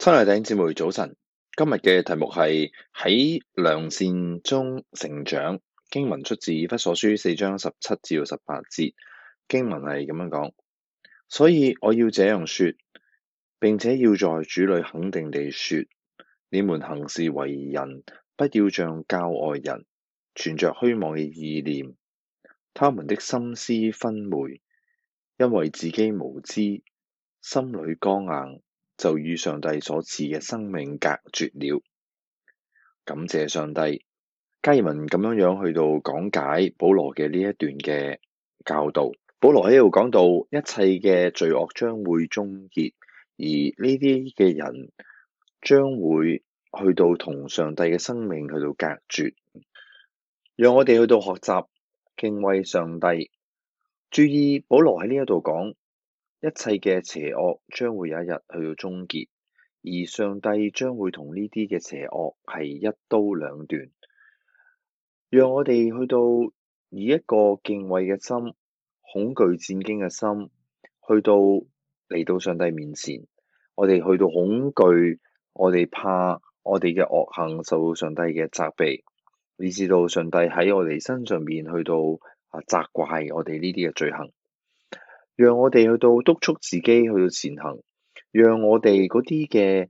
親愛弟兄姊妹早晨，今日嘅題目係喺良善中成長。經文出自《弗所書》四章十七至十八節，經文係咁樣講。所以我要這樣說，並且要在主裏肯定地說：你們行事為人，不要像教外人存着虛妄嘅意念，他們的心思昏昧，因為自己無知，心裏剛硬。就與上帝所賜嘅生命隔絕了。感謝上帝，加爾文咁樣樣去到講解保羅嘅呢一段嘅教導。保羅喺度講到，一切嘅罪惡將會終結，而呢啲嘅人將會去到同上帝嘅生命去到隔絕。讓我哋去到學習敬畏上帝，注意保羅喺呢一度講。一切嘅邪惡將會有一日去到終結，而上帝將會同呢啲嘅邪惡係一刀兩斷。讓我哋去到以一個敬畏嘅心、恐懼戰兢嘅心，去到嚟到上帝面前。我哋去到恐懼，我哋怕我哋嘅惡行受到上帝嘅責備，以至到上帝喺我哋身上邊去到啊責怪我哋呢啲嘅罪行。讓我哋去到督促自己去到前行，讓我哋嗰啲嘅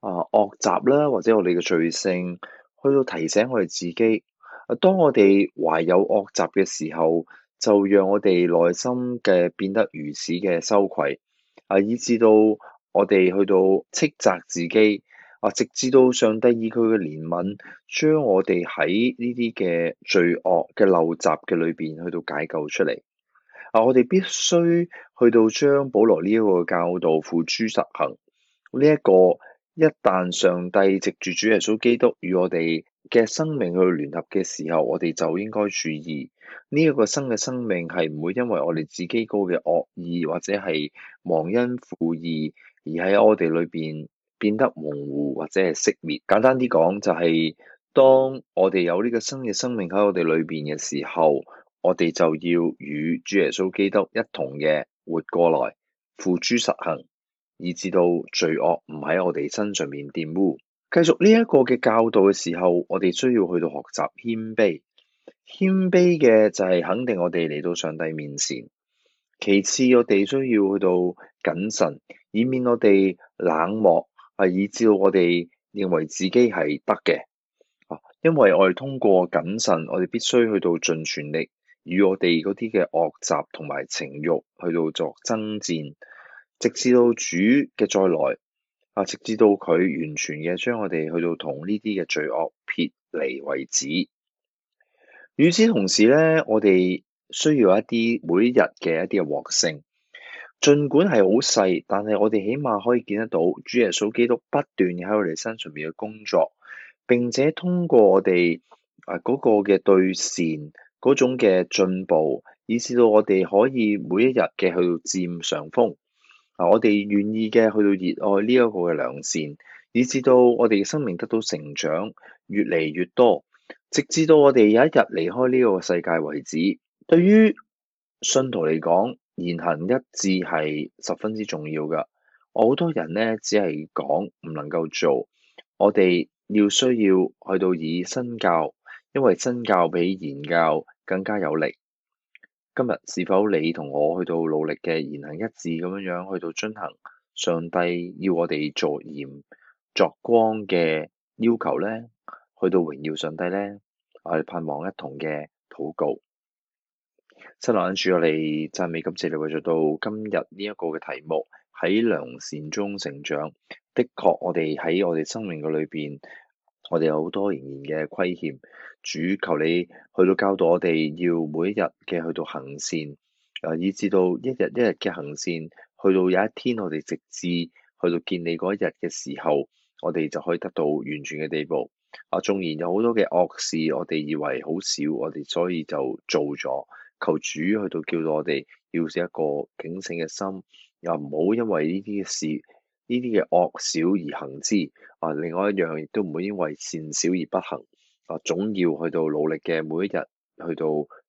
啊惡習啦，或者我哋嘅罪性，去到提醒我哋自己。啊，當我哋懷有惡習嘅時候，就讓我哋內心嘅變得如此嘅羞愧啊，以至到我哋去到斥責自己啊，直至到上帝以佢嘅憐憫，將我哋喺呢啲嘅罪惡嘅陋習嘅裏邊，去到解救出嚟。啊！我哋必須去到將保羅呢一個教導付諸實行。呢、這、一個一旦上帝藉住主耶穌基督與我哋嘅生命去聯合嘅時候，我哋就應該注意呢一、這個新嘅生命係唔會因為我哋自己個嘅惡意或者係忘恩負義而喺我哋裏邊變得模糊或者係熄滅。簡單啲講，就是，就係當我哋有呢個新嘅生命喺我哋裏邊嘅時候。我哋就要與主耶穌基督一同嘅活過來，付諸實行，以致到罪惡唔喺我哋身上面玷污。繼續呢一個嘅教導嘅時候，我哋需要去到學習謙卑，謙卑嘅就係肯定我哋嚟到上帝面前。其次，我哋需要去到謹慎，以免我哋冷漠，啊，以至到我哋認為自己係得嘅。啊，因為我哋通過謹慎，我哋必須去到盡全力。與我哋嗰啲嘅惡習同埋情欲去到作爭戰，直至到主嘅再來啊，直至到佢完全嘅將我哋去到同呢啲嘅罪惡撇離為止。與此同時咧，我哋需要一啲每一日嘅一啲嘅獲勝，儘管係好細，但係我哋起碼可以見得到主耶穌基督不斷喺我哋身上面嘅工作，並且通過我哋啊嗰個嘅對善。嗰種嘅進步，以至到我哋可以每一日嘅去到佔上風。嗱、啊，我哋願意嘅去到熱愛呢一個嘅良善，以至到我哋嘅生命得到成長，越嚟越多，直至到我哋有一日離開呢個世界為止。對於信徒嚟講，言行一致係十分之重要㗎。我好多人咧只係講，唔能夠做。我哋要需要去到以身教。因為身教比言教更加有力。今日是否你同我去到努力嘅言行一致，咁樣樣去到遵行上帝要我哋作鹽作光嘅要求咧？去到榮耀上帝咧，我哋盼望一同嘅禱告。新郎主，我哋讚美今次你為咗到今日呢一個嘅題目喺良善中成長，的確我哋喺我哋生命嘅裏邊。我哋有好多仍然嘅虧欠，主求你去到教導我哋，要每一日嘅去到行善，誒，以至到一日一日嘅行善，去到有一天我哋直至去到見你嗰一日嘅時候，我哋就可以得到完全嘅地步。啊，縱然有好多嘅惡事，我哋以為好少，我哋所以就做咗，求主去到叫到我哋，要寫一個警醒嘅心，又唔好因為呢啲嘅事，呢啲嘅惡小而行之。啊！另外一樣亦都唔會因為善小而不行，啊，總要去到努力嘅每一日，去到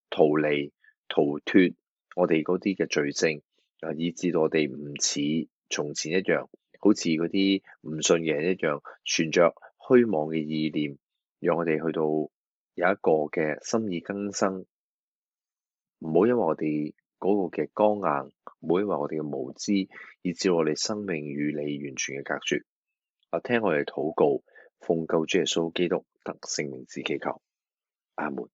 逃離、逃脫我哋嗰啲嘅罪證，啊，以致到我哋唔似從前一樣，好似嗰啲唔信嘅人一樣，存着虛妄嘅意念，讓我哋去到有一個嘅心意更生。唔好因為我哋嗰個嘅剛硬，唔好因為我哋嘅無知，以致我哋生命與你完全嘅隔絕。我聽我哋禱告，奉救主耶穌基督得聖名之祈求，阿門。